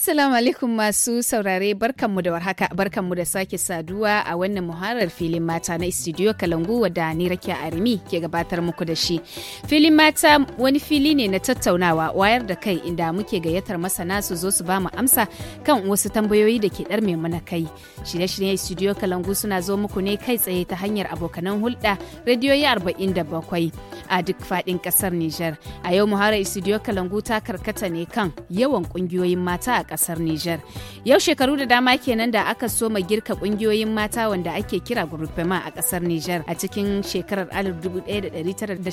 Assalamu alaikum masu saurare barkanmu da warhaka barkanmu da sake saduwa a wannan muharar filin mata na studio Kalangu wadda ni Rakiya Arimi ke gabatar muku da shi. Filin mata wani fili ne na tattaunawa wayar da kai inda muke gayyatar masana su zo su bamu amsa kan wasu tambayoyi da ke ɗar mana kai. Shirye-shiryen studio Kalangu suna zo muku ne kai tsaye ta hanyar abokanan hulɗa rediyoyi arba'in da bakwai a duk faɗin ƙasar Nijar. A yau muharar studio Kalangu ta karkata ne kan yawan ƙungiyoyin mata kasar Nijar. Yau shekaru da dama kenan da aka soma girka kungiyoyin mata wanda ake kira Gurupema a kasar Nijar. A cikin shekarar 1979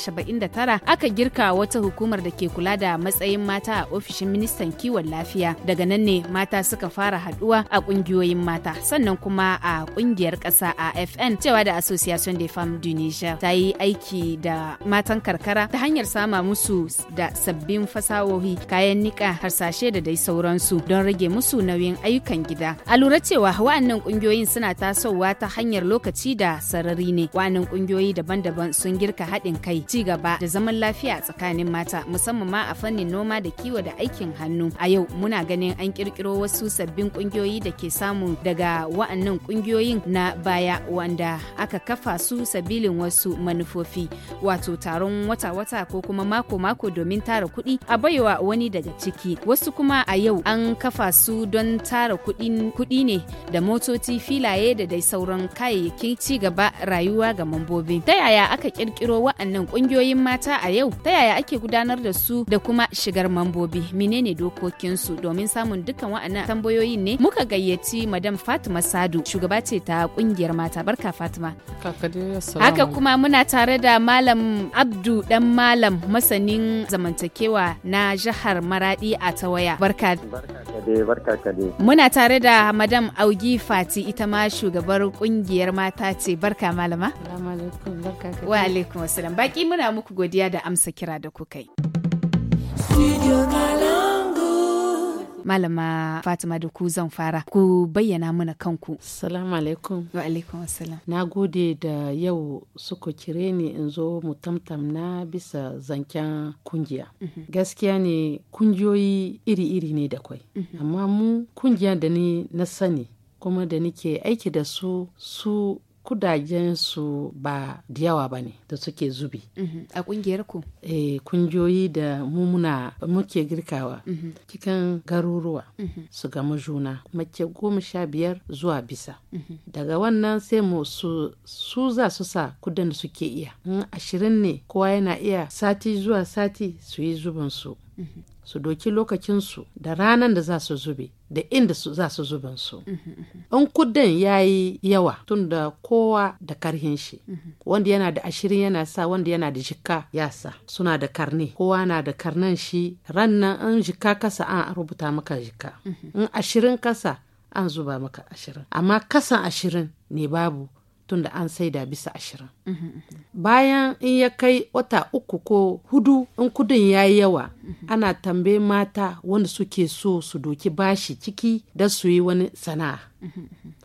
aka girka wata hukumar da ke kula da matsayin mata a ofishin ministan kiwon lafiya. Daga nan ne mata suka fara haduwa a kungiyoyin mata sannan kuma a kungiyar kasa a FN cewa da Association des Femmes du Niger ta yi aiki da matan karkara ta hanyar sama musu da sabbin fasahohi kayan nika harsashe da dai sauransu don rage musu nauyin ayyukan gida. A lura cewa wa'annan ƙungiyoyin suna tasowa ta hanyar lokaci da sarari ne. Wa'annan kungiyoyi daban-daban sun girka haɗin kai, ci gaba da zaman lafiya tsakanin mata musamman ma a fannin noma da kiwo da aikin hannu. A yau muna ganin an ƙirƙiro wasu sabbin kungiyoyi da ke samu daga wa'annan kungiyoyin na baya wanda aka kafa su sabilin wasu manufofi wato taron wata-wata ko kuma mako-mako domin tara kuɗi a baiwa wani daga ciki wasu kuma a yau an kafa su don tara kuɗi ne da motoci filaye da dai sauran kayayyakin ci gaba rayuwa ga mambobi. Ta yaya aka kirkiro wa'annan ƙungiyoyin mata a yau? Ta yaya ake gudanar da su da kuma shigar mambobi? Menene dokokinsu domin samun dukkan wa'annan tambayoyin ne? Muka gayyaci Madam Fatima Sadu, shugaba ce ta ƙungiyar mata. Barka Fatima. Haka kuma muna tare da Malam Abdu Dan Malam masanin zamantakewa na jihar Maradi a Tawaya. Barka. Barka Muna tare da Madam Augi Fati ita ma shugabar kungiyar mata ce barka malama. Wa alaikum wasalam. Baki muna muku godiya da amsa kira da kuka yi. malama fatima da ku zan fara ku bayyana mana kanku salamu alaikum wa alaikum assalam na gode da yau suka kire ni in zo mu na bisa zancen kungiya mhm. gaskiya ne kungiyoyi iri-iri ne da kwai mhm. amma mu kungiya da ni na sani kuma da nike aiki da su su su ba da yawa ba ne da suke zubi. Mhm. A kungiyar ku? Eh, kungiyoyi da mumuna muke girkawa mhm. cikin garuruwa mhm. su gamu juna mace goma sha biyar zuwa bisa. Daga wannan sai mu su za su sa kudin da suke iya. Ashirin ne kowa yana iya sati zuwa sati su yi zubinsu. su doki lokacinsu da ranan da za su zube da inda su za su zubin su. Mhm, mhm. In kudin ya yi yawa tun da kowa da karhin shi, mhm. wanda yana da ashirin yana sa wanda yana da jika ya sa suna da karni, kowa na da karnan shi rannan in jika kasa an rubuta maka jika. in ashirin kasa an zuba maka ashirin, amma kasan ashirin ne babu da an saida bisa ashirin. Mhm, mhm. Bayan in ya kai wata uku ko hudu in kudin ya yi yawa mhm. ana tambe mata wanda suke so su doki bashi ciki da su yi wani sana'a.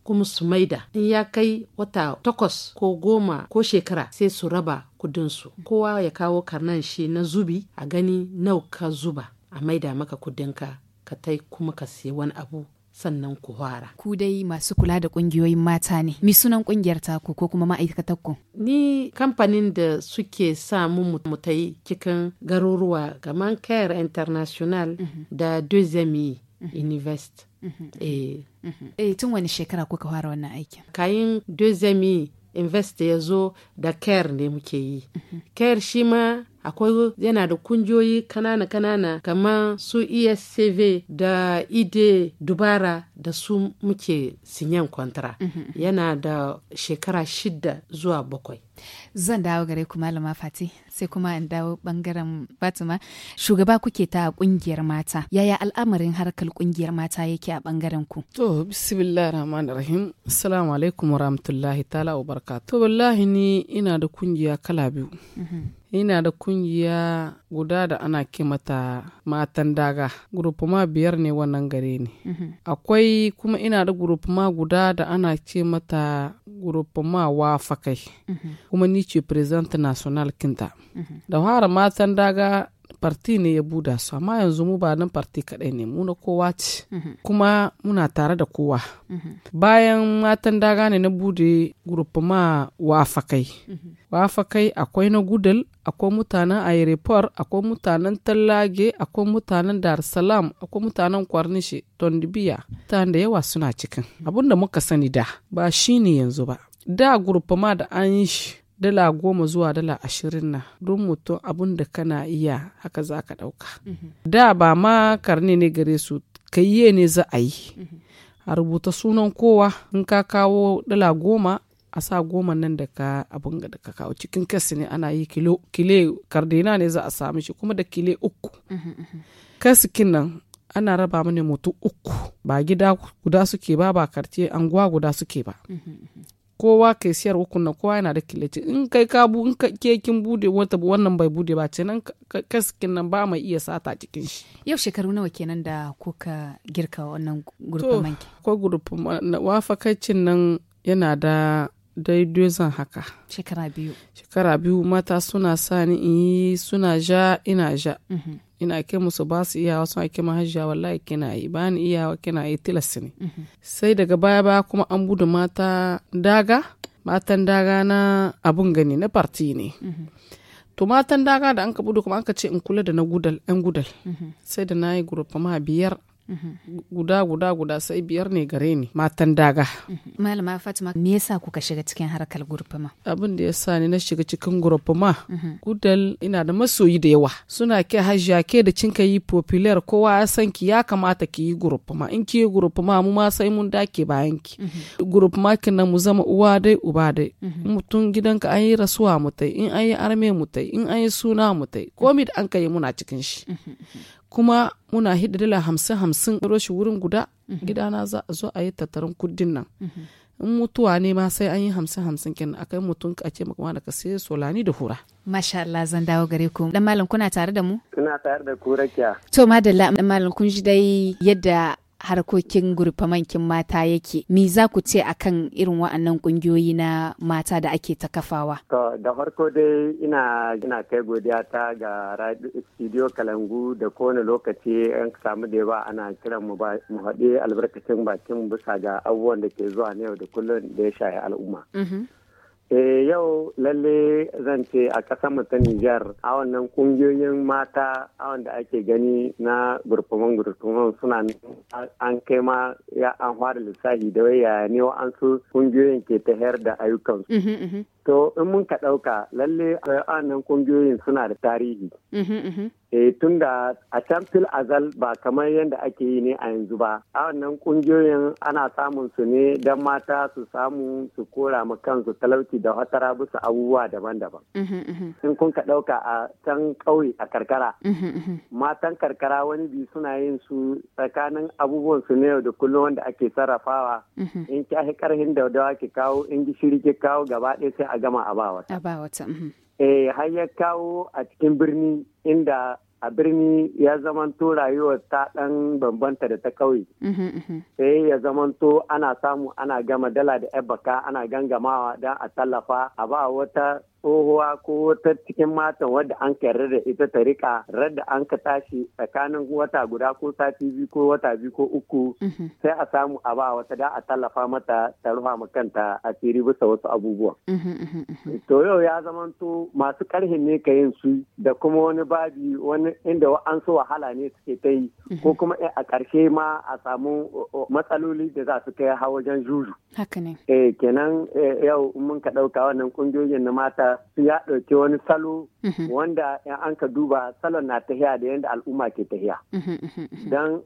kuma su maida in ya kai wata takwas ko goma ko shekara sai su raba kudinsu kowa ya kawo karnan shi na zubi a gani nau ka zuba a maida maka kudinka ka tai kuma ka siya wani abu sannan ku fara. Ku dai masu kula da ƙungiyoyin mata ne. Mi sunan ƙungiyar taku ko kuma ma'aikatar ku? Ni kamfanin da suke sa mu mu cikin garuruwa kamar Care International mhm. da Dozemi mhm. Invest. Mhm. Eh. eh tun wani shekara kuka fara wannan aikin? Kayin Dozemi Invest ya zo da Care ne muke yi. Care shi ma akwai yana da kungiyoyi kanana kanana kamar su escv da ide dubara da su muke sinyan kwantara mhm. yana da shekara shida zuwa bakwai zan dawo gare ku malama fati sai kuma in dawo bangaren fatima shugaba kuke ta kungiyar mata yaya al'amarin harkar kungiyar mata yake a bangaren ku to bismillah rahman rahim assalamu alaikum wa rahmatullahi ta'ala wa barka to wallahi ni ina da kungiya kala biyu mhm. ina da kungiya guda da ana ke mata matan daga ma biyar ne wannan gare ni. Mhm. akwai kuma ina da ma guda da ana ce mata ma wafakai mhm. kuma ni ce president national kinta mhm. da fara matan daga farti ne ya buda su amma yanzu mu ba nan parti kaɗai ne mu na kowa ce mhm. kuma muna tare da kowa mhm. bayan matan daga ne na bude ma wafakai mhm. wafakai akwai na gudal akwai mutanen airport akwai mutanen tallage akwai mutanen dar salam akwai mutanen kwarnishe tondibiya ta da yawa suna cikin abinda muka sani da ba shi ne yanzu ba da ma da an yi shi dala goma zuwa dala ashirin na don mutum abun da kana iya haka za ka ɗauka mhm. da ba ma karni ne gare su kayye ne za a yi mhm. a rubuta sunan kowa in ka kawo dala goma a sa goma nan da ka abin da ka kawo cikin kasi ne ana yi kilo kile kardina ne za a sami shi kuma da kile uku mhm, kasikin nan ana raba mini mutu uku ba gida guda suke ba ba karce anguwa guda suke ba kowa ka kai siyar na kowa yana da kilici in kai ka bu in ke bude wata wannan bai bude ba ce nan kaskin nan ba mai iya sata cikin shi yau shekaru nawa kenan da kuka girka wannan gurfin manki ko gurfin nan yana da daidai zan haka shekara biyu shekara biyu mata suna sani ni in yi suna ja ina ja mhm. ina ke musu ba su iyawa sun ake mahajjiya wallahi kina yi ba ni iyawa kina yi tilas ne mhm. sai daga baya baya kuma an budu mata daga matan daga na abun gani na parti ne mhm. to matan daga da an ka budu kuma an ka ce in kula da na gudal yan gudal mhm. sai da na yi gurupa ma biyar guda guda guda sai biyar ne gare ni matan daga malama fatima me yasa kuka shiga cikin harkar gurfuma abin da yasa ni na shiga cikin gurfuma gudal ina da masoyi da yawa suna ke hajiya ke da cinka yi popular kowa ya san ki ya kamata ki yi gurfuma in ki yi gurfuma mu ma sai mun dake bayan ki gurfuma kin mu zama uwa dai uba dai mutum gidanka an yi rasuwa mutai in an yi arme mutai in an yi suna mutai komi da an kai muna cikin shi kuma muna hidda dala hamsin hamsin roshi wurin guda gidana za a zo a yi tattarin kudin nan in mutuwa ne ma sai an yi hamsin hamsin kenan akai mutum a ce maka ka sai solani da hura masha Allah zan dawo gare ku dan malam kuna tare da mu ina tare da ku rakiya to madalla dan malam kun ji dai yadda harkokin gurfamankin mata yake me za ku ce akan irin wa'annan kungiyoyi na mata da ake ta kafawa to da farko dai ina ina kai godiya ta ga studio kalangu da kowane lokaci an samu da yawa ana kiran mu mu haɗe albarkacin bakin bisa ga abubuwan da ke zuwa na yau da kullum da ya shaye al'umma mm-hmm. Eh, yau lalle zan ce a ƙasar ta Nijar a wannan ƙungiyoyin mata a wanda ake gani na gurfuman gurfuman suna an kai ma ya an fara lissafi da waya ne an su ƙungiyoyin ke ta hayar da ayyukansu. Mhm, mhm. To in mun ka ɗauka lalle a eh, wannan ƙungiyoyin suna da tarihi. Mhm, eh tun da a can fil azal ba kamar yadda ake yi ne a yanzu ba a wannan kungiyoyin ana samun su ne don mata su samu su kora ma kansu talauci da hatara bisa abubuwa daban-daban uhm, uhm, uhm. in kun ka ɗauka a can ƙauye a karkara matan karkara wani bi suna yin su tsakanin abubuwan su ne da kullum wanda ake sarrafawa in ki da wadawa ki kawo in gishiri ki kawo gaba ɗaya sai a gama a ba wata eh har ya kawo a cikin birni inda a birni ya zamanto rayuwar ta ɗan bambanta da ta ƙauye. Mhm, mhm. Sai ya zamanto ana samu ana gama dala da yabaka ana gangamawa don a tallafa a ba wata tsohuwa ko ta cikin matan wadda an yarda da ita ta rika radda an ka tashi tsakanin wata guda ko sati biyu ko wata biyu ko uku mhm. sai a samu a ba wata da a tallafa mata ta rufa ma kanta a asiri bisa wasu abubuwa. Mhm, mhm, to yau ya zama to masu karhin ne ka yin su da kuma wani babi wani inda an so wahala ne suke ta yi ko kuma a karshe ma a samu matsaloli da za su kai hawa wajen juju. Haka ne. Eh, kenan eh, yau mun ka ɗauka wannan ƙungiyoyin na mata ya ɗauki wani salo mhm. wanda yan an ka duba salon na tahiya da yadda al'umma ke tahiya mhm, mhm, don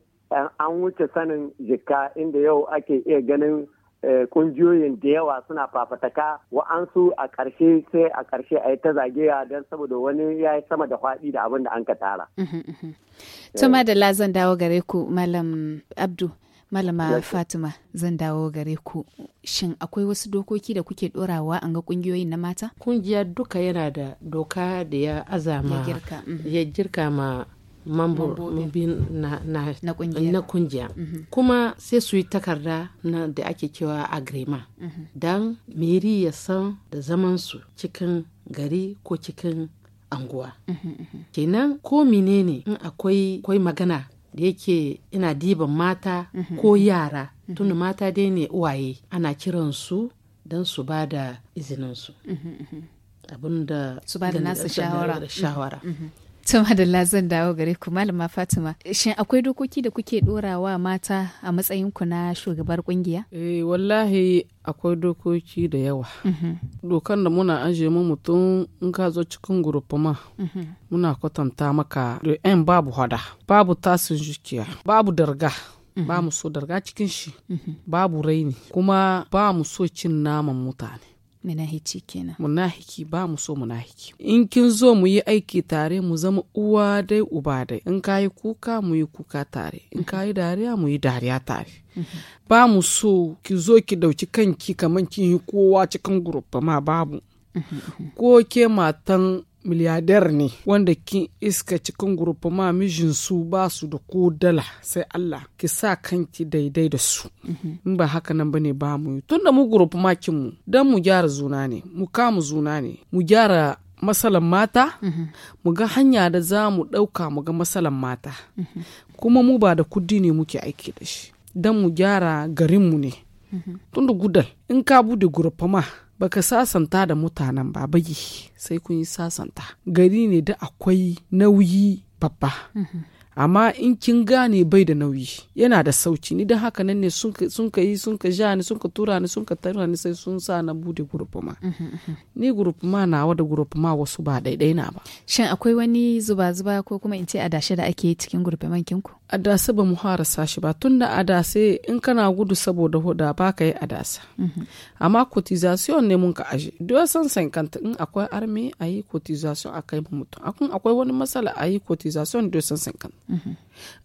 an wuce sanin jika inda yau ake iya ganin kungiyoyin eh, da yawa suna fafataka wa'ansu a ƙarshe sai a ƙarshe a yi ta zagaya don saboda wani ya yi sama da faɗi da abin da an ka tara. Tuma da lazan dawo gare ku Malam Abdu. Malama Fatima zan dawo gare ku. Shin akwai wasu dokoki da kuke ɗorawa an ga ƙungiyoyin na mata? Kungiya duka yana da doka da ya azama ya girka mhm. ma mambobin na, kungiya mhm. kuma sai su yi takarda na da ake cewa agrema mhm. don meri ya san da zamansu cikin gari ko cikin anguwa kenan ko menene in akwai magana da yake ina diban mata mhm. ko yara tunda mata dai ne uwaye ana kiransu don su ba da izininsu mhm, mhm. abin da su ba da nasu shawara To da zan dawo gare ku malama Fatima. Shin akwai dokoki da kuke ɗorawa mata a matsayin ku na shugabar kungiya? Eh wallahi akwai dokoki da yawa. Mm-hmm. Dokan da muna ajiye mu mutum in ka zo cikin ma. Mm-hmm. Muna kwatanta maka da yan babu hada, babu tasin jikiya, babu darga. Mm-hmm. Ba mu so darga cikin shi, babu raini, kuma ba mu so cin naman mutane. munahici kenan munahiki ba mu so munahiki in kin zo mu yi aiki tare mu zama uwa dai uba dai in kayi kuka mu yi kuka tare in kayi dariya mu yi dariya tare mhm. ba mu so ki zo ki dauki kanki kaman kin yi kowa cikin gurup ma babu mhm, mhm. ko ke matan miliyadar ne wanda kin iska cikin gurufa ma mijinsu ba su da ko dala sai Allah ki sa kanki daidai da su mhm. in ba haka nan bane ba mu tun da mu gurufa ma mu dan mu gyara zuna ne mu kama zuna ne mu gyara matsalan mata mhm. mu ga hanya da za mu ɗauka mu ga masalan mata mhm. kuma mu ba da kudi ne muke aiki da shi dan mu gyara garinmu ne tun da gudal in ka bude gurufa baka sasanta da mutanen ba bai sai kun yi sasanta gari ne da akwai nauyi babba mhm. amma in kin gane bai da nauyi yana da sauci ni don haka nan ne sun ka yi sun ka ja ni sun ka tura ni sun ka tara ni sai sun sa na bude gurfuma uhm, uhm, uhm. ni gurfuma nawa da gurfuma wasu ba daidai na ba shin akwai wani zuba zuba ko kuma in ce adashe da ake cikin gurfuman kinku adase ba mu fara sashi ba tunda adase in kana gudu saboda huda ba ka yi adasa amma cotization ne mun ka aje duk san kanta in akwai armi a yi cotization a kai mutum akwai wani matsala a yi cotization duk san kanta in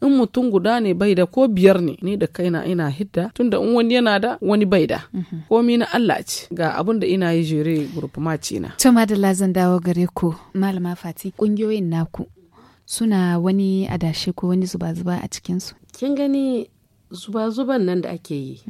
mutum guda ne bai da ko biyar ne ni da kaina ina hidda tunda in wani yana da wani bai da komi na Allah ce ga abin da ina yi jere group maci na to madalla zan dawo gare ku malama fati kungiyoyin naku suna wani adashe ko wani zuba-zuba a cikinsu kin gani zuba-zuban nan da ake yi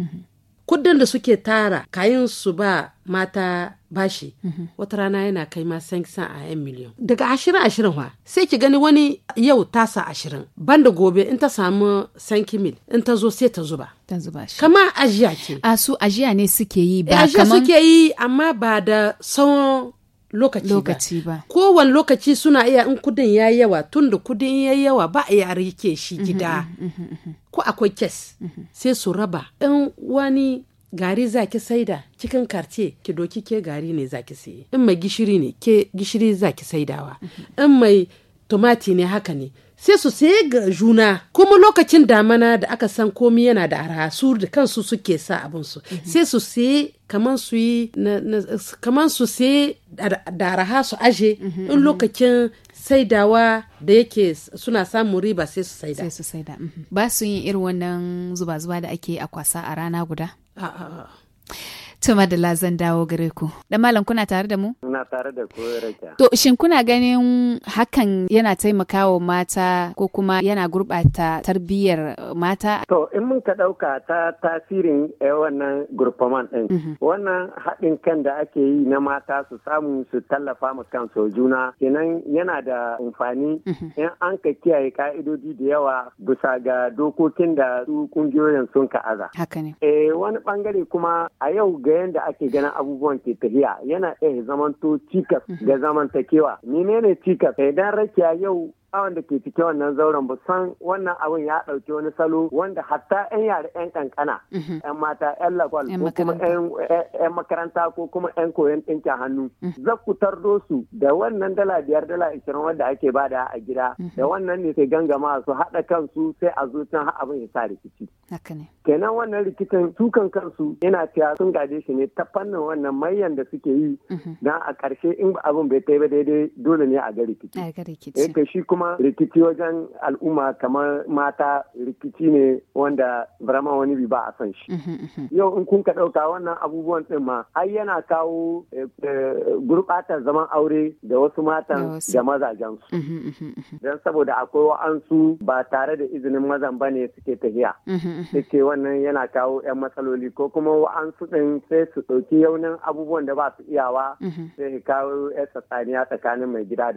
kudin da suke tara kayan su ba mata bashi mhm. wata rana yana kai ma san a 'yan miliyan daga ashirin ashirin wa sai ki gani wani yau tasa ashirin banda gobe in ta samu 5 mil in ta zo sai ta zuba ta zuba shi kama ajiya ke a su ajiya ne suke yi ba eh, ajiya suke yi amma ba da tsawon lokaci ba kowane lokaci suna iya in kudin ya yawa tun da kudin ya yawa ba a yi ke shi mhm, gida mhm, ko akwai kes sai su raba in wani gari zaki saida cikin karce ki doki ke gari ne zaki saye in mai gishiri ne ke gishiri zaki saidawa in mai tumati ne haka ne sai su saye ga juna kuma lokacin damana da aka san komi yana da arha su da kansu suke sa abinsu sai su saye kaman su yi kaman su saye da arha su aje in lokacin saidawa da yake suna samun riba sai su saida mhm. ba su yin irin wannan zuba-zuba da ake a kwasa a rana guda Uh, To madalla zan dawo gare ku. Da malam kuna tare da mu? Muna tare da ku Rita. To shin kuna ganin hakan yana taimakawa mata ko kuma yana gurɓata tarbiyyar eh, mata? To in mun ka ɗauka ta tasirin eh, wannan gurfaman ɗin. Mhm. Wannan haɗin kan da ake yi na mata su samu su tallafa ma kansu juna kenan yana da amfani mhm. in an ka kiyaye ka'idodi da yawa bisa ga dokokin da su ƙungiyoyin sun ka aza. Haka ne. Eh wani bangare kuma a yau ga yadda ake ganin abubuwan ke tafiya yana ɗaya zamanto cikas ga mhm. zamantakewa menene cikas idan rakiya yau awan da ke cike wannan zauren ba san wannan abin ya ɗauki wani salo wanda hatta 'yan yare 'yan kankana 'yan mhm. mata 'yan lakwal ko kuma 'yan makaranta ko kuma 'yan koyon ɗinkin hannu mhm. zakutar su da wannan dala biyar dala ishirin wanda ake bada a gida mhm. da wannan ne sai gangama su haɗa kansu sai a zo can abin ya sa rikici. kenan wannan rikicin tukan kansu yana cewa sun gaje shi ne ta fannin wannan mayan da suke yi don a ƙarshe in abin bai kai ba daidai dole ne a ga rikici. kuma rikici wajen al'umma kamar mata rikici ne wanda barama wani bi ba a san shi uhm, uhm, uhm. yau in kun ka ɗauka wannan abubuwan ɗin ma har yana kawo eh, eh, gurɓatar zaman aure da wasu matan da mazajensu don saboda akwai wa'ansu ba tare da izinin mazan ba ne suke tafiya suke wannan yana kawo 'yan matsaloli ko kuma wa'ansu ɗin sai su ɗauki yaunin abubuwan da ba su iyawa sai kawo 'yan tsakaniya tsakanin mai gida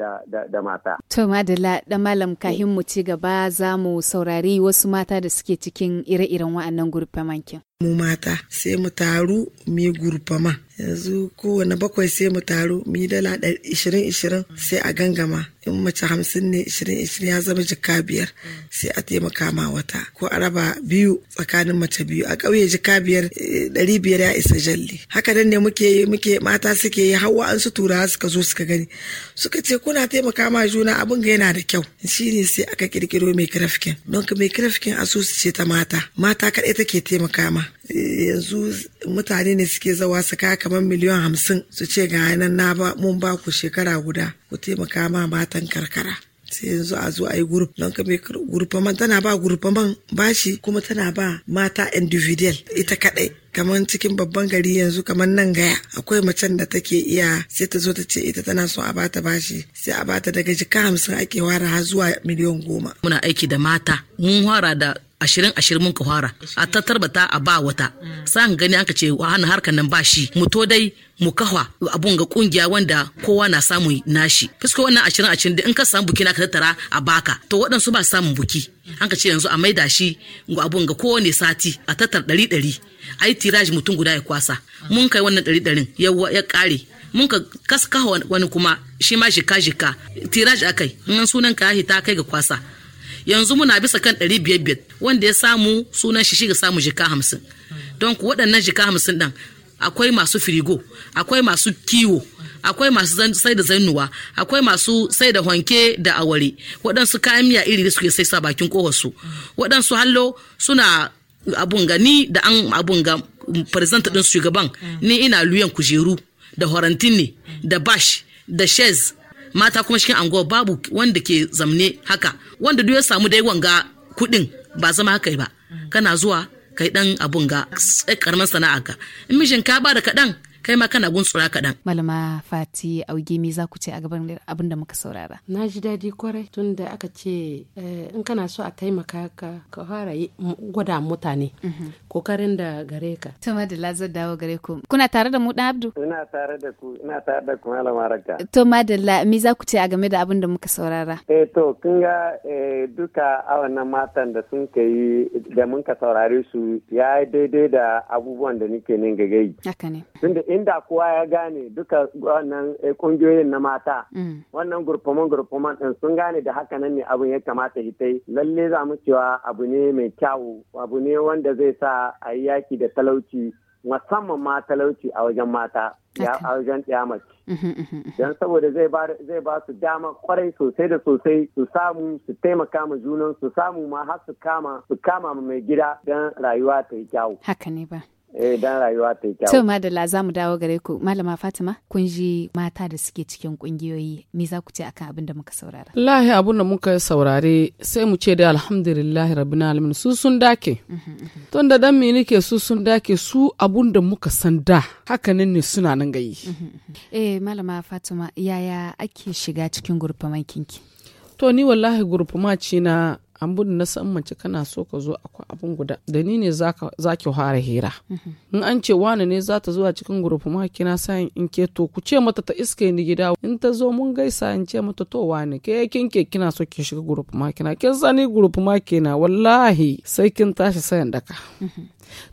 da mata. To madalla da malam kahin mu ci gaba za mu saurari wasu mata da suke cikin ire-iren wa'annan mankin. mu mata sai mu taru mu gurfama yanzu kowane bakwai sai mu taru mu yi dala ishirin ishirin sai a gangama in mace hamsin ne ishirin ishirin ya zama jika biyar sai a taimaka ma wata ko a raba biyu tsakanin mace biyu a ƙauye jika biyar eh, ɗari biyar ya isa jalli haka nan ne muke muke mata suke yi hawa an su turawa suka zo suka gani suka ce kuna taimaka ma juna abin ga yana da kyau ne sai aka kirkiro mai kirafkin don ka mai kirafkin asusu ce ta mata mata kaɗai take taimaka ma yanzu mutane ne suke zawa su kaya kamar miliyan hamsin su ce ga nan na ba mun ba ku shekara guda ku taimaka ma matan karkara sai yanzu a zo a yi gurup don kame mai man tana ba man bashi kuma tana ba mata individual ita kadai kamar cikin babban gari yanzu kamar nan gaya akwai macen da take iya sai ta zo ta ce ita tana so a bata bashi sai a bata daga jika hamsin ake wara har zuwa miliyan goma. Muna aiki da mata mun wara da ashirin ashirin mun ka fara a bata a ba wata san gani aka ce hana harkar nan ba shi mu to dai mu kafa abun ga kungiya wanda kowa na samu nashi fisko wannan ashirin ashirin in ka samu buki na ka tattara a baka to waɗansu ba samun buki an ka ce yanzu a maida shi abun ga kowane sati a tattar ɗari ɗari a yi tiraji mutum guda ya kwasa mun kai wannan ɗari ɗarin ya ƙare mun ka kaska wani kuma shi ma jika jika tiraji akai in sunan ka ta kai ga kwasa yanzu muna bisa kan ɗari biyar biyar wanda ya samu sunan shi shi ga samu jika hamsin don waɗannan jika hamsin ɗan akwai masu firigo akwai masu kiwo akwai masu sai da zannuwa akwai masu sai da wanke da aware waɗansu kayan miya iri da suke sai sa bakin kowarsu waɗansu hallo suna abun ga ni da an abun ga mm, president din shugaban mm. ni ina luyan kujeru da horantini da bash da shez mata kuma cikin anguwar babu wanda ke zamne haka wanda duk ya samu dai wanga kudin ba zama haka ba mm. kana zuwa kai dan abun ga karamin sana'a ka in mijin ka ba da kaɗan kai ma kana gunsura kaɗan. Malama Fati Auge me za ku ce a gaban abin da muka saurara? Na ji daɗi kwarai tun da aka ce eh, in kana so a taimaka ka ka fara gwada mutane mhm. kokarin da gare ka. Tuma da lazar dawo gare ku. Kuna tare da mu ɗan Abdu? Ina tare da ku ina tare da ku Malama Raka. To madalla me za ku ce a game da abin da muka saurara? Eh to kun ga eh, duka wannan matan da sun ka yi da mun ka saurare su ya daidai da abubuwan da nake nin gagai. Haka ne. Tunda inda kowa ya gane duka wannan eh, kungiyoyin na mata mm. wannan gurfaman gurfaman din sun gane da haka nan ne abin ya kamata ita lalle za mu cewa abu ne mai kyawu abu ne wanda zai sa a yi yaki da talauci musamman ma talauci a wajen mata a wajen mace mhm, mhm, mhm, don saboda zai ba su dama kwarai sosai da sosai su samu su taimaka ma junan su samu ma har su kama su kama mai gida don rayuwa ta yi kyawu haka ne ba Eh dan rayuwa ta yi kyau. To madalla za mu dawo gare ku malama Fatima kun ji mata da suke cikin kungiyoyi me za ku ce akan abin da muka saurara? Lahi abin da muka saurare sai mu ce da alhamdulillah rabbil alamin su sun dake. Mhm, mhm. Tun da dan ke su sun dake su abun da muka san da hakanin ne suna nan gayi. Mhm, eh malama Fatima yaya ake shiga cikin gurfaman kinki? To ni wallahi ma ce na an budu na san mace kana so ka zo akwai abin guda da ni ne za ki fara hira mm-hmm. in an ce wani ne za ta zuwa cikin gurufu ma kina sayin in ke to ku ce mata ta iske ni gida in ta zo mun gaisa in ce mata to wani ke kin ke kina so ki shiga gurufu ma kina kin ni gurufu ma kina wallahi sai kin tashi sayan daka mm-hmm.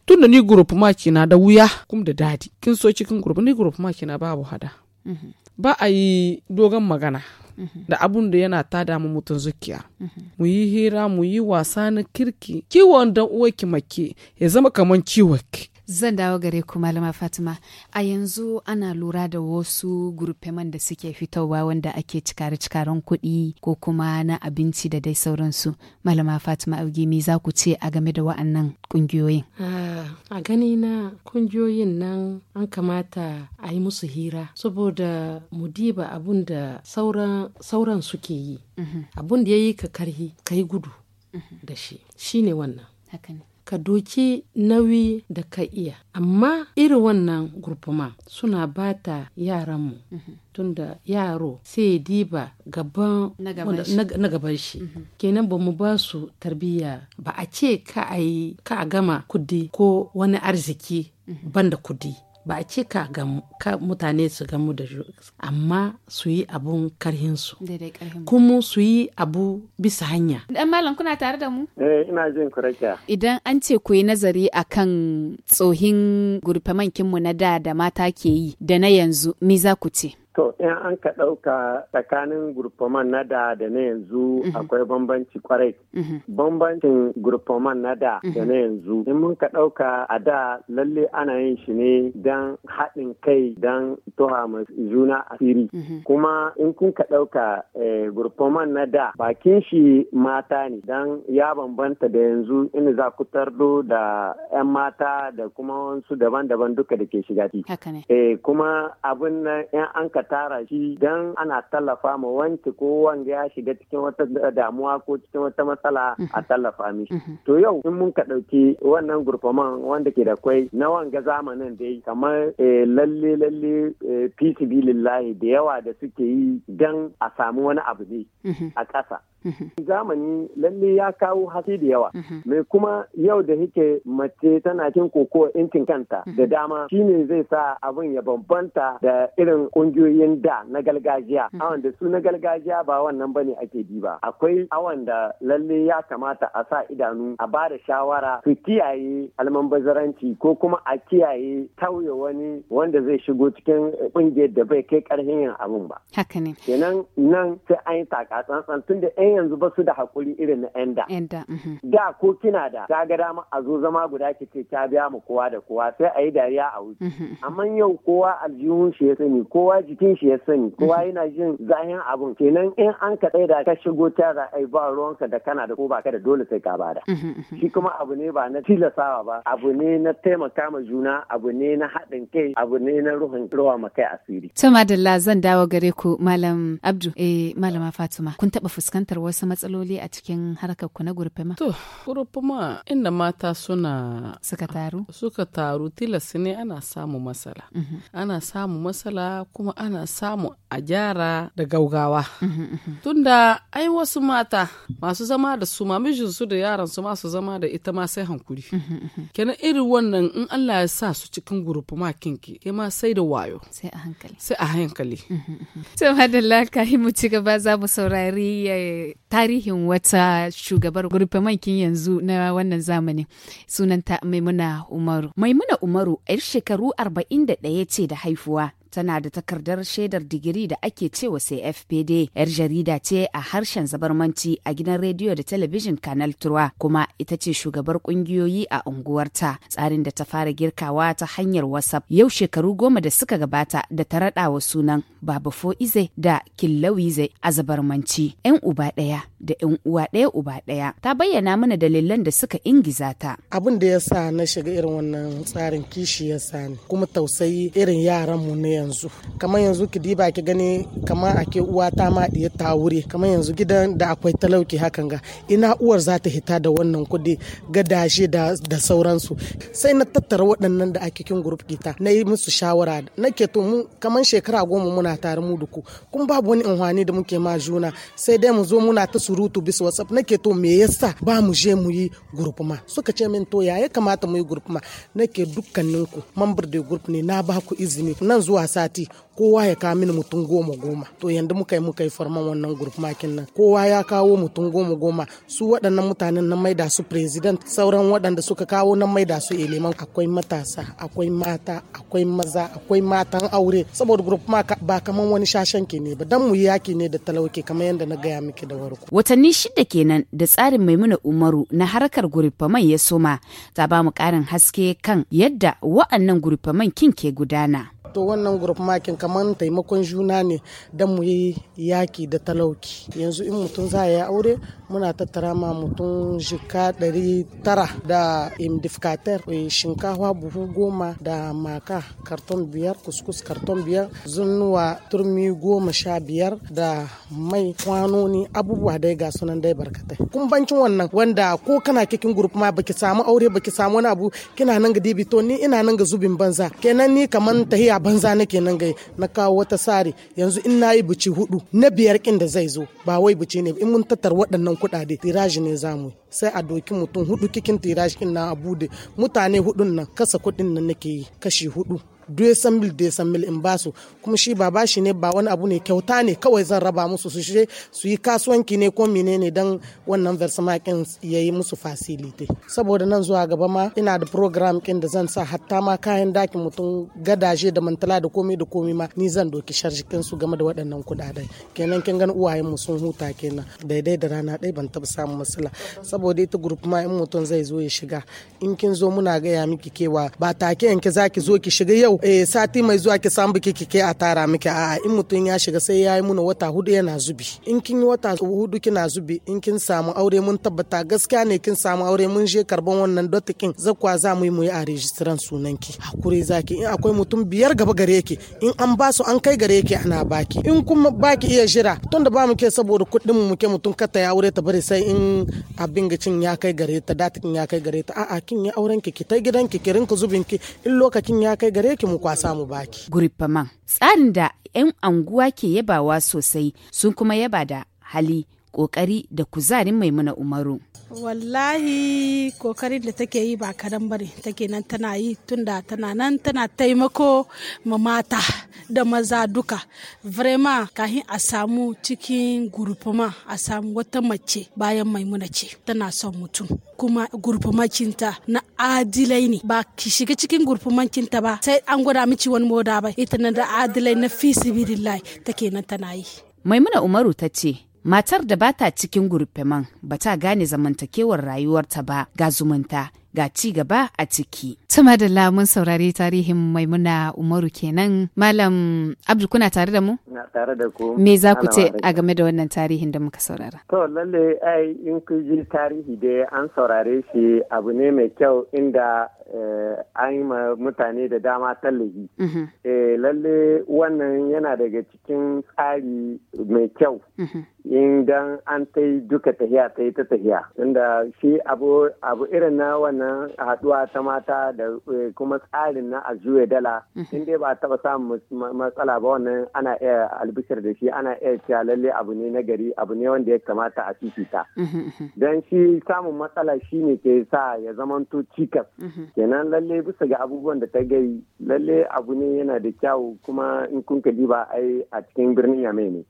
Tun da ni gurufu ma kina da wuya kuma da dadi kin so cikin gurufu ni gurufu ma kina babu hada mm-hmm. ba a yi dogon magana Mhm. da abun da yana ta damu mutum zukiya mu mhm. yi hira mu yi wasa na kirki kiwon dan uwarki make ya zama kamar kiwon. Zan dawo gare ku Malama Fatima. A yanzu ana lura da wasu gurfeman da suke fitowa wanda ake cikare-cikaren kuɗi ko kuma na abinci da dai sauransu. Malama Fatima Augimi za ku ce a game da wa'annan ƙungiyoyin. Ah, a gani na ƙungiyoyin nan an kamata a yi musu hira saboda mu diba abun da sauran suke yi. Mhm. Abun da ya yi ka karhi ka yi gudu mhm. da shi. Shi ne wannan. ka doki nauyi da ka iya amma irin wannan gurfuma suna bata yaranmu mm tunda yaro sai diba gaban na gaban shi mhm. kenan ba mu ba su tarbiyya ba a ce ka ka a gama kudi ko wani arziki mhm. banda kudi ba a ce ka mutane su gamu da amma su yi abun karhinsu kuma su yi abu bisa hanya dan malam kuna tare da mu eh ina jin kuraka idan an ce ku yi nazari akan tsohin mankin mu na da da mata ke yi da na yanzu me za ku ce To, in an ka ɗauka tsakanin gurfaman na da da na yanzu mhm. akwai bambanci kwarai. Mhm. Bambancin gurfaman na da mhm. da na yanzu. In mun ka ɗauka a da lalle ana yin shi ne don haɗin kai don toha juna a asiri. Kuma in kun ka ɗauka eh, gurfaman na da bakin shi mata ne don ya bambanta da yanzu in za ku tardo da 'yan mata da kuma wasu daban-daban duka da ke shiga ciki. Eh, kuma abin nan 'yan an aka tara shi dan ana tallafa ma wanki ko wanda ya shiga cikin wata damuwa ko cikin wata matsala a mhm. tallafa mishi mhm. to yau in mun ka ɗauki wannan gurfaman wanda ke da kwai na wanga zamanin dai kamar eh, lalle lalle eh, fi lillahi da yawa da suke yi don a samu wani abu ne mhm. a ƙasa Mhm. zamani lalle ya kawo hasi da yawa mai mhm. kuma yau da yake mace tana cin koko intin kanta mhm. da dama shine zai sa abin ya bambanta da irin kungiyoyin da na gargajiya awan da su na gargajiya ba wannan bane ake bi ba akwai awon da lalle ya kamata a sa idanu a ba da shawara su kiyaye almanbazaranci ko kuma a kiyaye tauye wani wanda zai shigo cikin kungiyar da bai kai karhin yin abin ba kenan nan sai an yi taka tun da 'yan yanzu ba su da hakuri irin na yan mhm. da. ko kina da ta ga dama a zo zama guda ki ce ta biya mu kowa da kowa sai a yi dariya a wuce. Mhm, mhm. Amma yau kowa aljihun shi ya sani kowa jikin shi ya sani kowa yana jin zahin abun kenan in an ka da ka shigo a yi ba ruwanka da kana da ko ba ka da dole sai ka bada. Shi kuma abu ne ba na tilasawa ba abu ne na taimaka ma juna abu ne na haɗin kai abu ne na ruhin rawa ma kai asiri. Tuma da zan dawo gare ku Malam Abdu eh Malama Fatima kun taɓa fuskantar wasu matsaloli a cikin harkar ku na gurfuma? To, gurfuma inda mata suna suka taru? Suka taru tilasi ne ana samu masala mm-hmm. Ana samu masala kuma ana samu a gyara da gaugawa. Mm -hmm. Tunda ai wasu mata masu zama da su ma mijinsu da yaran su masu zama da ita ma sai hankuri. Mm mm-hmm, iri wannan in Allah ya sa su cikin gurfuma kinki, ke ma sai da wayo. Sai a hankali. Sai a hankali. To, ka mu ci gaba za mu saurari eh, tarihin wata shugabar gurfe maikin yanzu na wannan zamani, sunanta Maimuna Umaru. Maimuna Umaru 'yar shekaru 41 ce da haifuwa tana da takardar shaidar digiri da ake cewa sai FPD. Yar jarida ce a harshen zabarmanci a gidan rediyo da talabijin Canal 3 kuma ita ce shugabar kungiyoyi a unguwarta. Tsarin da ta fara girkawa ta hanyar WhatsApp yau shekaru goma da suka gabata da ta raɗa wa sunan Baba Foize da Killawize a zabarmanci. 'Yan uba ɗaya da 'yan uwa ɗaya uba ɗaya. Ta bayyana mana dalilan da suka ingiza ta. Abin da ya sa na shiga irin wannan tsarin kishi ya ne kuma tausayi irin yaran mu ne yanzu kamar yanzu ki diba ki gani kamar ake uwa ta ma diya ta wuri kamar yanzu gidan da akwai talauki hakan ga ina uwar za ta hita da wannan kuɗi ga da da sauransu sai na tattara waɗannan da ake kin group gita na yi musu shawara ke to mu kamar shekara goma muna tare mu duku kun babu wani inhwani da muke ma juna sai dai mu zo muna ta surutu bisa whatsapp ke to me yasa ba mu je mu yi group ma suka ce min to ya kamata mu yi group ma ke dukkaninku mambar da group ne na ba ku izini nan zuwa sati kowa ya kawo mini mutum goma goma to yanda muka yi muka yi farman wannan group makin nan kowa ya kawo mutum goma goma su waɗannan mutanen nan maida su president sauran waɗanda suka kawo nan maida su eleman akwai matasa akwai mata akwai maza akwai matan aure saboda group maka ba kaman wani shashen ke ne ba dan mu yaki ne da talauke kamar yanda na gaya miki da warko watanni shida kenan da tsarin maimuna umaru na harkar gurfaman ya soma ta ba mu karin haske kan yadda wa'annan gurfaman kin ke gudana to wannan group makin kamar taimakon juna ne don mu yi yaki da talauki yanzu in mutum za ya aure muna tattara ma mutum jika 900 tara da imdifkatar e, shinkawa buhu goma da maka karton biyar kuskus karton biyar zunnuwa turmi goma sha biyar da mai kwanoni abubuwa dai ga sunan dai barkatai kun bancin wannan wanda ko kana kikin group ma baki samu aure baki samu wani abu kina nan ga dibito ni ina nan ga zubin banza kenan ni kamar tahiya banza nake nan gai na kawo wata sari yanzu in na yi bici hudu na biyar kin da zai zo ba wai bici ne in mun tattar waɗannan kuɗaɗe tiraji ne za mu sai a doki mutum hudu kikin tiraji kin na abude mutane hudun nan kasa kuɗin nan nake yi kashi hudu 200 mil 200 mil in ba su. kuma shi ba bashi ne ba wani abu ne kyauta ne kawai zan raba musu su shi su yi kasuwanci ne ko ne don wannan versamakin ya yi musu fasilite saboda nan zuwa gaba ma ina da program kin da zan sa hatta ma kayan dakin mutum gadaje da mantala da komai da komai ma ni zan doki sharjikin su game da waɗannan kuɗaɗen kenan kin gan uwayen mu sun huta kenan daidai da rana ɗaya ban taɓa samun matsala saboda ita group ma in mutum zai zo ya shiga in kin zo muna gaya miki kewa ba take yanke zaki zo ki shiga yau eh, sati mai zuwa ki samu biki ki kike a a tara miki a'a in mutum ya shiga sai ya yi muna wata hudu yana zubi in kin yi wata hudu kina zubi in kin samu aure mun tabbata gaskiya ne kin samu aure mun je karban wannan dotikin zakwa za mu yi mu yi a rejistiran sunan ki hakuri zaki in akwai mutum biyar gaba gare ki in an ba su an kai gare ki ana baki in kuma baki iya jira tun da ba mu ke saboda kuɗin mu muke mutum kata ya aure ta bari sai in abin gacin ya kai gare ta datikin ya kai gare ta a'a kin yi auren ki ki ta gidan ki ki rinka zubin ki in lokacin ya kai gare ki mu kwasa mu baki. Gurippaman tsarin da 'yan anguwa ke yabawa sosai sun kuma yaba da hali ƙoƙari da kuzarin maimuna umaru. wallahi kokarin da take yi ba kadan bane take nan tana yi tunda tana nan tana taimako ma mata da maza duka vrema kahin a samu cikin gurfuma a samu wata mace bayan maimuna ce tana son mutum kuma gurfumacinta na adilai ne ba ki shiga cikin gurfumacinta ba sai an gwada mici wani moda ba ita na da adilai na fi lai take nan tana yi maimuna umaru ta ce Matar da ba ta cikin gurfeman ba ta gane zamantakewar rayuwarta ba ga zumunta ga ci gaba a ciki. Tuma da lamun saurari tarihin Maimuna Umaru kenan. Malam Abdul kuna tare da mu? Na tare da ku. Me za ku ce a game da wannan tarihin da muka saurara? To lalle ai in ku ji tarihi da an saurare shi abu ne mai kyau inda eh, an yi mutane da dama tallafi. Mm-hmm. Eh, lalle wannan yana daga cikin tsari mai kyau. Mm-hmm. In dan an ta yi duka tahiya ta yi ta tahiya. Inda shi abu irin na wannan wannan haduwa ta mata da eh, kuma tsarin na a juya dala mhm. in dai ba taba samun matsala ba wannan ana iya albishir da shi ana iya cewa lalle abu ne na gari abu ne wanda ya kamata a fifita mhm, mhm, don shi samun matsala shi ne ke sa ya zamanto cikas kenan lalle bisa ga abubuwan da ta gai lalle abu ne yana da kyau kuma in kun ka diba ai a cikin birnin yamai ne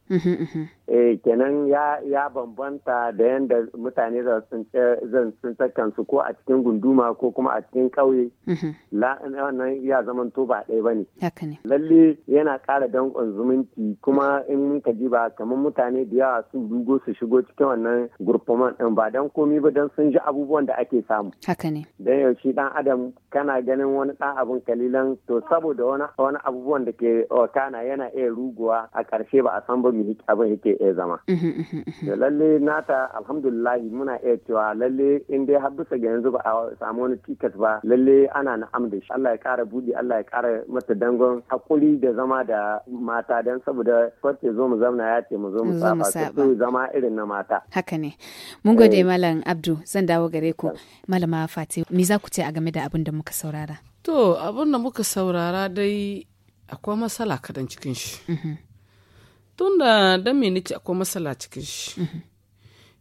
eh, kenan ya bambanta da yanda mutane zan sun kansu ko a cikin gunduma gunduma ko kuma a cikin ƙauye mm-hmm. wannan ya zaman to ba ɗaya ba ne. Lalle yana ƙara danƙon zumunci kuma in ka ji ba kamar mutane da yawa sun dugo su shigo cikin wannan gurfaman ɗin ba dan komi ba dan sun ji abubuwan da ake samu. Haka ne. Dan yaushe ɗan adam kana ganin wani ɗan abin kalilan to saboda wani wani abubuwan da ke kana yana iya ruguwa a ƙarshe ba a san ba mu abin yake iya zama. Da mm-hmm, mm-hmm, lalle nata alhamdulillahi muna iya cewa lalle in dai har bisa ga yanzu ba a samu wani tiket ba lalle ana na amda shi Allah ya kara budi Allah ya kara mata dangon hakuri da zama da mata dan saboda kwarce zo mu zamna ya ce mu zo mu saba so zama irin na mata haka ne mun gode eh. malam Abdu zan dawo gare ku malama Fati me za ku ce a game da abin da muka saurara to abin da muka saurara dai akwai masala kadan cikin shi mhm. tunda dan me nace akwai masala cikin shi mhm.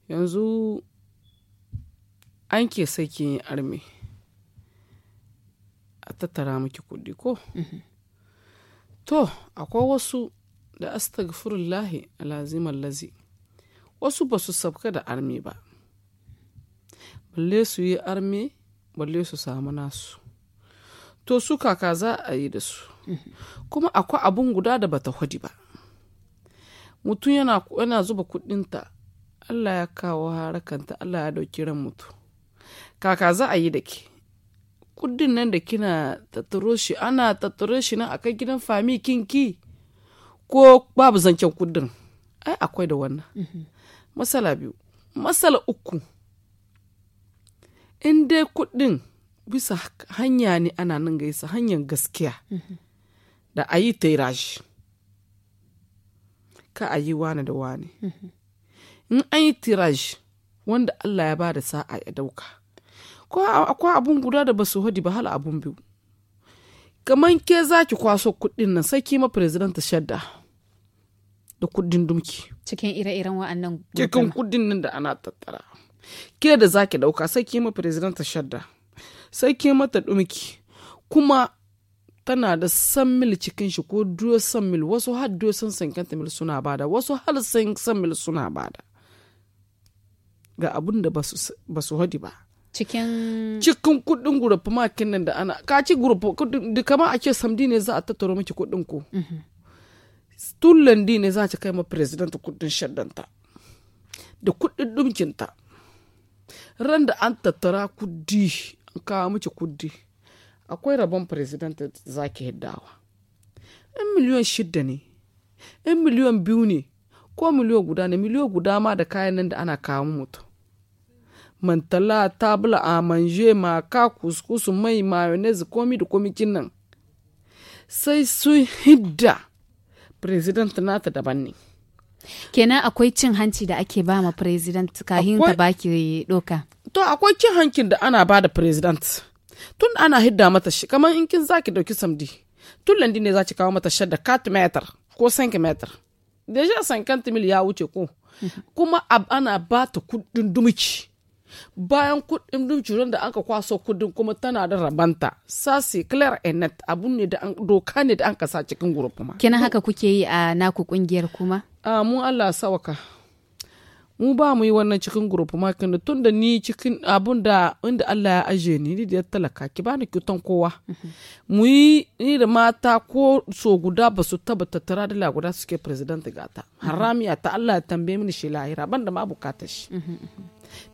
yanzu an ke sai ke yin arme a tattara miki kuɗi ko mhm. to akwai wasu da a alazimar lazi wasu ba su sabka da arme ba balle su yi arme balle su samu nasu to su kaka za a yi da su mhm. kuma akwai abun guda da bata hudi ba mutum yana zuba kudinta allah ya kawo harakanta allah ya dauki ran mutum kaka za a yi da ke kudin nan da kina tattaro shi ana tattaro shi nan akan gidan fami kinki ko babu zancen kudin ai akwai da wannan mhm. matsala biyu matsala uku in dai kudin bisa hanya ne ana nan gaisa hanyar gaskiya mhm. da a yi tairashi ka a yi wane da wane mhm. in an yi tiraji wanda allah ya ba da sa'a ya dauka akwai abun guda da ba su hadi ba hala abun biyu kamar ke za ki kwaso kuɗin nan sai kima president shadda da kuɗin dumki cikin ire-iren wa'annan cikin kuɗin nan da ana tattara ke da za ki ɗauka sai kima president shadda sai kima ta dumki kuma tana da san mil cikin shi ko duwa san mil wasu har duwa san sankanta mil suna bada wasu har san san mil suna bada ga abun da ba su hadi ba cikin cikin kudin gurupu makin nan da ana ka ci gurupu da kama a ce samdi ne za a tattaro miki kudin ku mhm. tun ne za a ci kai ma president kudin shaddanta da kudin dumkinta ran da an tattara kudi an kawo miki kudi akwai rabon president za ki hiddawa in miliyan shidda ne in miliyan biyu ne ko miliyan guda ne miliyan guda ma da kayan nan da ana kawo mutum mantala tabula a manje ka kuskusu mai mayonnaise komi da komi kinnan sai sun hidda president nata daban ne kenan akwai cin hanci da ake ba ma president kahin ta baki doka to akwai cin hankin da ana ba da president tun ana hidda mata shi kamar in kin zaki dauki samdi tun landi ne za ki kawo mata shadda kat meter ko sanki meter deja 50 mil ya wuce ko mhm. kuma ana ba ta kudin dumuki bayan kudin juron da anka kwaso kudin kuma tana da rabanta sasi clear enet abun ne da doka ne da an kasa cikin gurup ma kina haka kuke yi a naku kungiyar kuma a mu Allah sawaka mu ba mu yi wannan cikin gurup ma kin tunda ni cikin abun da inda Allah ya aje ni ni da ya talaka ki bani kyutan kowa mu yi ni da mata ko so guda ba su taba tattara da guda suke president gata haramiya ta Allah ya tambaye mini shi lahira banda ma bukatar shi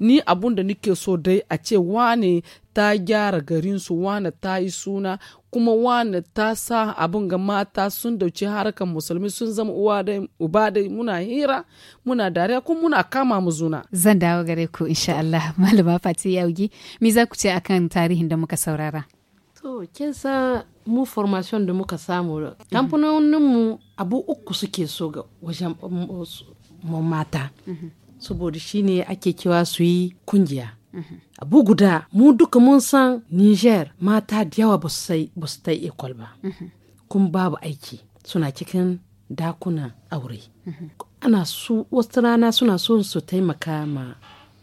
ni abun da nike so dai a ce wane ta gyara garinsu wane ta yi suna kuma wane ta sa abin ga mata sun dauci harkar musulmi sun zama uwa da uba da muna hira muna dariya kuma muna kama mu zuna zan dawo gare ku insha Allah malama Fati Yaugi me za ku ce akan tarihin da muka saurara to kin san mu formation da muka samu kamfanonin mu abu uku suke so ga wajen mata mhm. saboda ne ake kewa su yi kungiya abu guda mu duka mun san niger mata da yawa ba su ta ekol ba kun babu aiki suna cikin dakuna aure ana su wasu rana suna son su taimaka ma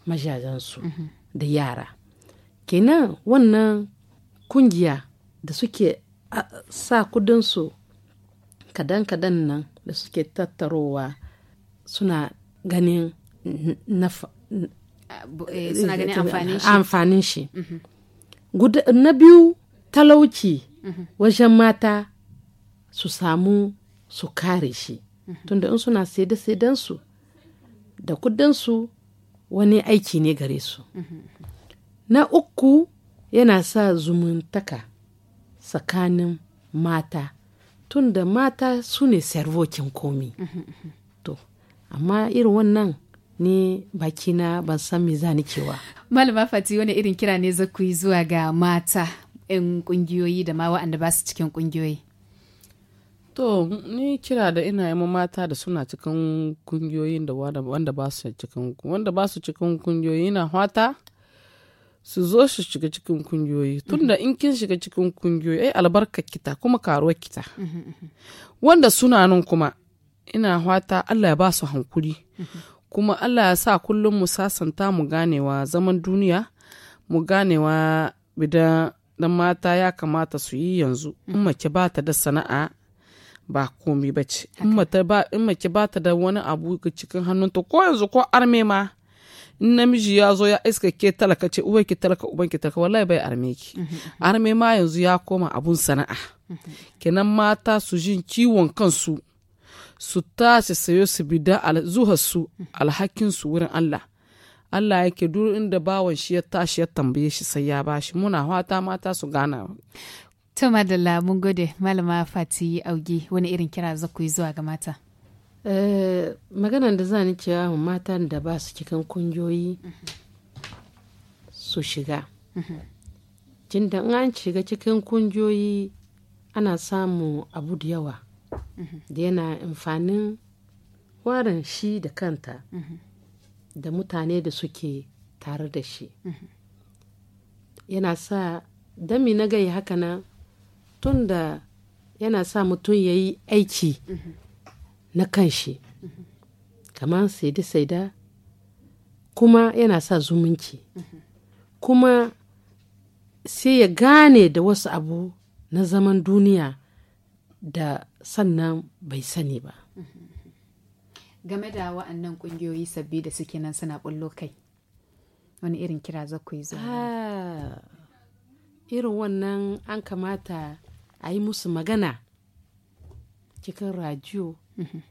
majajensu da yara kenan wannan kungiya da suke sa kudinsu kadan-kadan nan da suke tattarowa suna ganin Eh, eh, amfanin shi amfanin mhm. na biyu talauci mhm. wajen mata su samu su kare shi mhm. tunda in suna saida saidansu da kudansu wani aiki ne gare su na uku yana sa zumuntaka tsakanin mata tunda mata su ne servokin komi to amma irin wannan ni bakina ban san me za ni kewa. Malama Fati wani irin kira ne za ku yi zuwa ga mata 'yan kungiyoyi da ma wa'anda ba su cikin kungiyoyi. To, ni kira da ina yi mata da suna cikin kungiyoyi da wanda ba su cikin wanda ba su cikin kungiyoyi na hwata su zo su shiga cikin kungiyoyi mm-hmm. tunda in kin shiga cikin kungiyoyi ai albarka kita kuma karuwa kita mm-hmm, mm-hmm. wanda suna nan kuma ina hwata Allah ya ba su hankuri kuma Allah ya sa kullum mu sasanta mu ganewa zaman duniya mu ganewa bidan dan mata ya kamata su yi yanzu in mm. mace ba ta da sana'a ba komi ba ce in mace ba ta da wani abu cikin hannunta ko yanzu ko arme ma in namiji ya zo ya iska ke talaka ce uwai ki talaka uban ki talaka wallahi bai arme ki mm-hmm, mm-hmm. arme ma yanzu ya koma abun sana'a mm-hmm. kenan mata su jin ciwon kansu su tashi sayo su bi da zuharsu alhakinsu wurin Allah. Allah yake duk inda bawan shi ya tashi ya tambaye shi sai ya bashi muna fata mata su gana. To madalla mun gode malama Fati Auge wani irin kira za ku yi zuwa ga mata. Eh, maganan da za ni cewa mata da ba su cikin kungiyoyi su shiga. Mm Jin da an shiga cikin kungiyoyi ana samu abu da yawa. da yana amfanin warin shi da kanta da mutane da suke tare da shi yana sa dami na gai haka nan tun da yana sa mutum ya yi aiki na kanshi kamar saida-saida kuma yana sa zumunci kuma sai ya gane da wasu abu na zaman duniya da sannan bai sani ba game da wa'annan ƙungiyoyi sabbi da suke nan suna bullo kai wani irin kira za ku yi irin wannan an kamata a yi musu magana cikin radio mhm.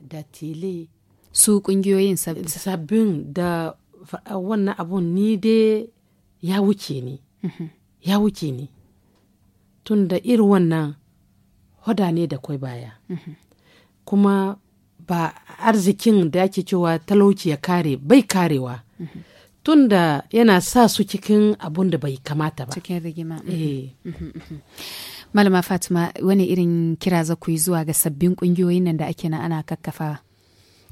da tele su kungiyoyin sabbin da wannan abun ni dai ya wuce ne mhm. ya wuce ne tun da irin wannan hoda ne da kwai baya mhm. kuma ba arzikin da ake cewa talauci ya kare bai karewa mhm. tunda yana sa su cikin abun da bai kamata ba cikin rigima mhm. Eh. malama fatima wani irin kira za ku yi zuwa ga sabbin kungiyoyin nan da ake na ana kakkafa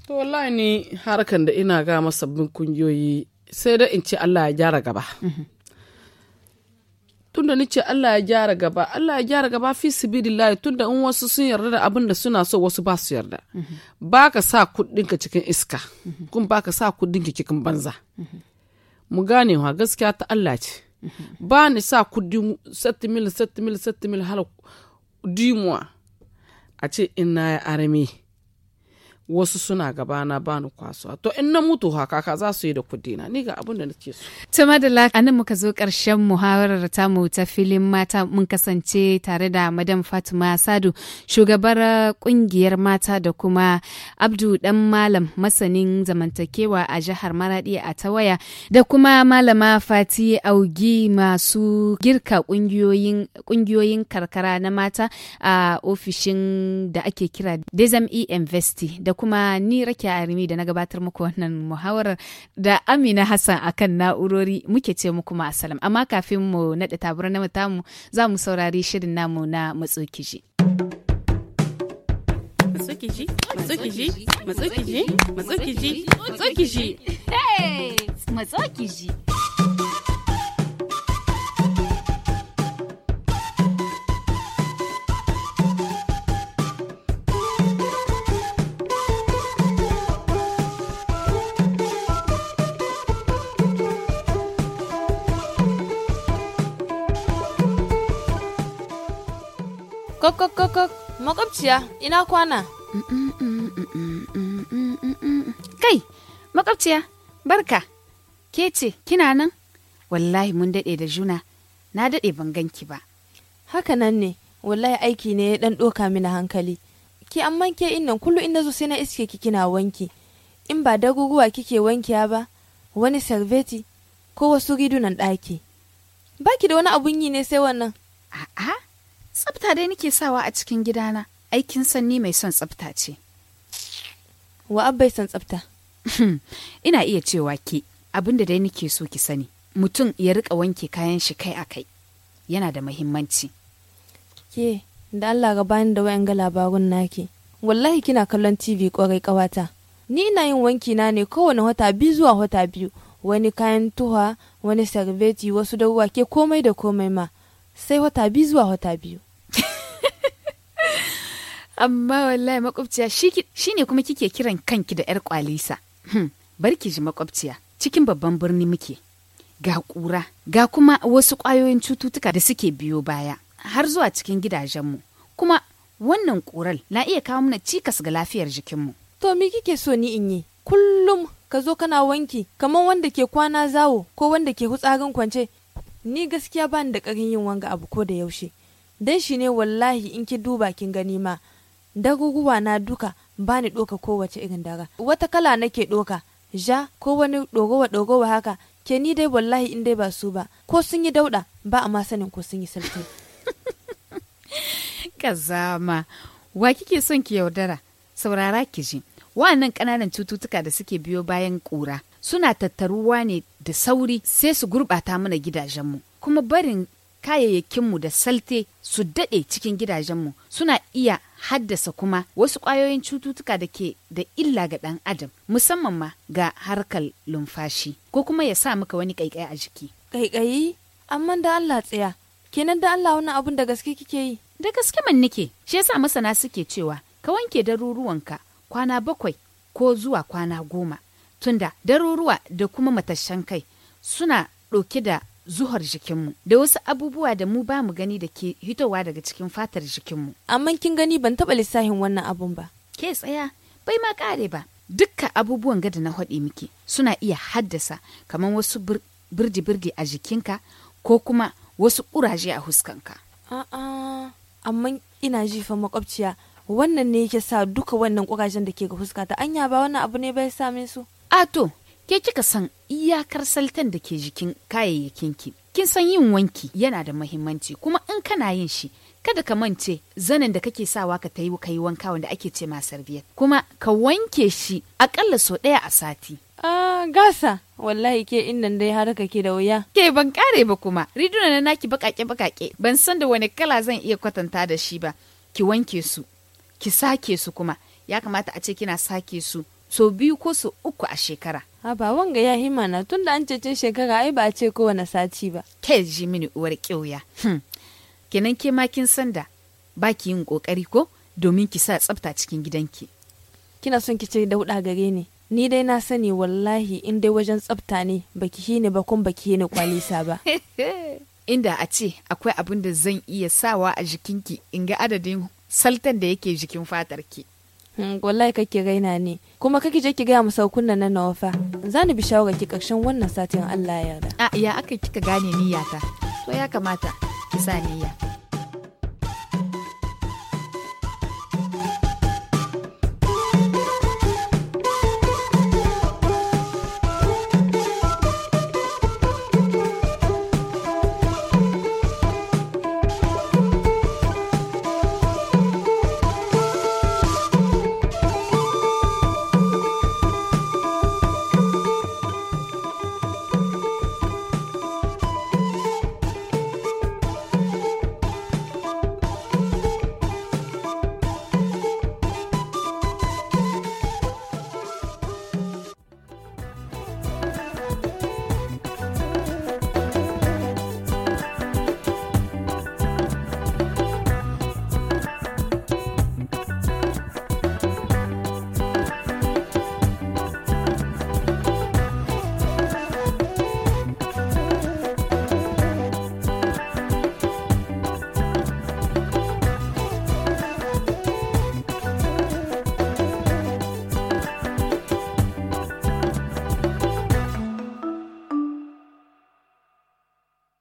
to wallahi ni harkan da ina ga sabbin kungiyoyi sai da in ci Allah ya gyara gaba tunda ni ce Allah ya gyara gaba Allah ya gyara gaba fi sibilillahi tunda in wasu sun yarda da abin da suna so wasu ba su yarda ba ka sa kuɗinka cikin iska kun ba ka sa kuɗinka cikin banza mu gane wa gaskiya ta Allah ce ba ni sa kuɗin mil sattimil mil hal dimuwa a ce in na ya arame wasu suna gabana ba ni kwasuwa to in na mutu haka za su yi da kudina ni ga abin da nake so. Tuma da anan muka zo ƙarshen muhawarar ta mu ta filin mata mun kasance tare da madam Fatima Sadu shugabar kungiyar mata da kuma Abdu dan malam masanin zamantakewa a jihar Maradi a Tawaya da kuma malama Fati Augi masu girka kungiyoyin karkara na mata a ofishin da ake kira Dezam E Investi da kuma ni rake arimi da na gabatar muku wannan muhawarar da Amina Hassan akan na'urori muke ce muku ma asalam amma kafin mu naɗa tabura na mutamu za mu saurari shirin namu na matsokiji. Matsokiji, matsokiji, matsokiji, matsokiji, matsokiji. Hey! Matsokiji. Kokokokok, makwabciya, ina kwana? Kai, makwabciya, barka, ke ce, kina nan? Wallahi mun daɗe da juna, na daɗe ban ganki ba. Haka nan ne, wallahi aiki ne ya ɗan ɗoka mini hankali. Ki amma ke innan kullu inda zo sai na iske ki kina wanki. In ba daguguwa kike wankiya ba, wani salveti ko wasu ridunan ɗaki. Ba ki da wani abun yi ne sai wannan. A'a. Tsafta dai nake sawa a cikin gidana, aikin sanni mai son tsafta ce. Wa abbai son tsafta? Hmm, ina iya cewa ke, abin da dai nake so ki sani, mutum ya rika wanke kayan shi kai a kai. Yana da mahimmanci. Ke, da Allah ga bani da wayan ga labarun naki. Wallahi kina kallon TV kwarai kawata. Ni ina yin wanki na ne kowane wata biyu zuwa wata biyu, wani kayan tuha, wani sarveti, wasu da ruwa ke komai da komai ma. sai wata biyu zuwa wata biyu amma wallahi makwabciya shi ne kuma kike kiran kanki da 'yar kwalisa hmm, barki ji makwabciya cikin babban birni muke ga kura ga kuma wasu kwayoyin cututtuka da suke biyo baya har zuwa cikin gidajenmu kuma wannan kural na iya kawo mana cikas ga lafiyar jikinmu to me kike so ni in yi kullum ka zo kana wanki kamar wanda ke kwana zawo ko wanda ke hutsarin kwance ni gaskiya bani da ƙarin yin wanga abu ko da yaushe dan shi ne wallahi in ki duba kin gani ma daguguwa na duka bani doka kowace irin dara. wata kala nake doka ja ko wani dogowa dogowa haka ke ni dai wallahi in dai ba su ba ko sun yi dauda ba a ma sanin ko sun yi sarki kazama wa kike son ki yaudara saurara ki ji wa'annan ƙananan cututtuka da suke biyo bayan ƙura suna tattaruwa ne da sauri sai su gurɓata mana gidajenmu kuma barin kayayyakinmu da salte su daɗe cikin gidajenmu suna iya haddasa kuma wasu ƙwayoyin cututtuka da ke da illa ga ɗan adam musamman ma ga harkar lumfashi ko kuma ya sa maka wani ƙaiƙayi a jiki. Ƙaiƙayi? Amma da Allah tsaya, kenan da Allah wani abun da gaske kike yi? Da gaske man nike, shi yasa masana suke cewa ka wanke daruruwanka kwana bakwai ko zuwa kwana goma tunda daruruwa da kuma matashan kai suna ɗauke da zuhar jikinmu da wasu abubuwa da mu ba mu gani da ke hitowa daga cikin fatar jikinmu. Amma kin gani ban taɓa lissafin wannan abun ba. Ke tsaya bai ma ƙare ba. Dukka abubuwan gada na haɗe miki suna iya haddasa kamar wasu birdi-birdi a jikinka ko kuma wasu ƙuraje a huskanka. A'a, amma ina jifa makwabciya wannan ne yake sa duka wannan ƙurajen da ke ga ta anya ba wannan abu ne bai same su. ato ke kika san iyakar saltan da ke jikin kayayyakinki kin san yin wanki yana da mahimmanci kuma in kana yin shi kada ka mance zanen da kake sawa ka ta yi ka yi wanka wanda ake ce ma serviette kuma ka wanke shi akalla sau ɗaya a sati Ah, gasa wallahi ke innan dai har ke da wuya. Ke ban kare ba kuma, riduna na naki bakake bakake ban san da wani kala zan iya kwatanta da shi ba. Ki wanke su, ki sake su kuma, ya kamata a ce kina sake su so biyu ko su uku a shekara. A ba wanga ya hima na tun da an cece shekara ai ba a ce kowane sati ba. Ke ji mini uwar ƙyauya. Kinan hmm. Kenan ke ma kin san da ba ki yin ƙoƙari ko domin ki sa tsafta cikin gidanki. Kina son ki ce dauɗa gare ni. Ni dai na sani wallahi in dai wajen tsafta ne baki hini ba kun baki hini kwalisa ba. Inda a ce akwai abin da zan iya sawa a jikinki in ga adadin saltan da yake jikin fatarki. Mm, wallahi kake gaina ne kuma kake je ki gaya mu kunna na wafa za ni bi shawara ki karshen wannan satin Allah ya yarda a ya aka kika gane niyyata to ya kamata ki sa niyya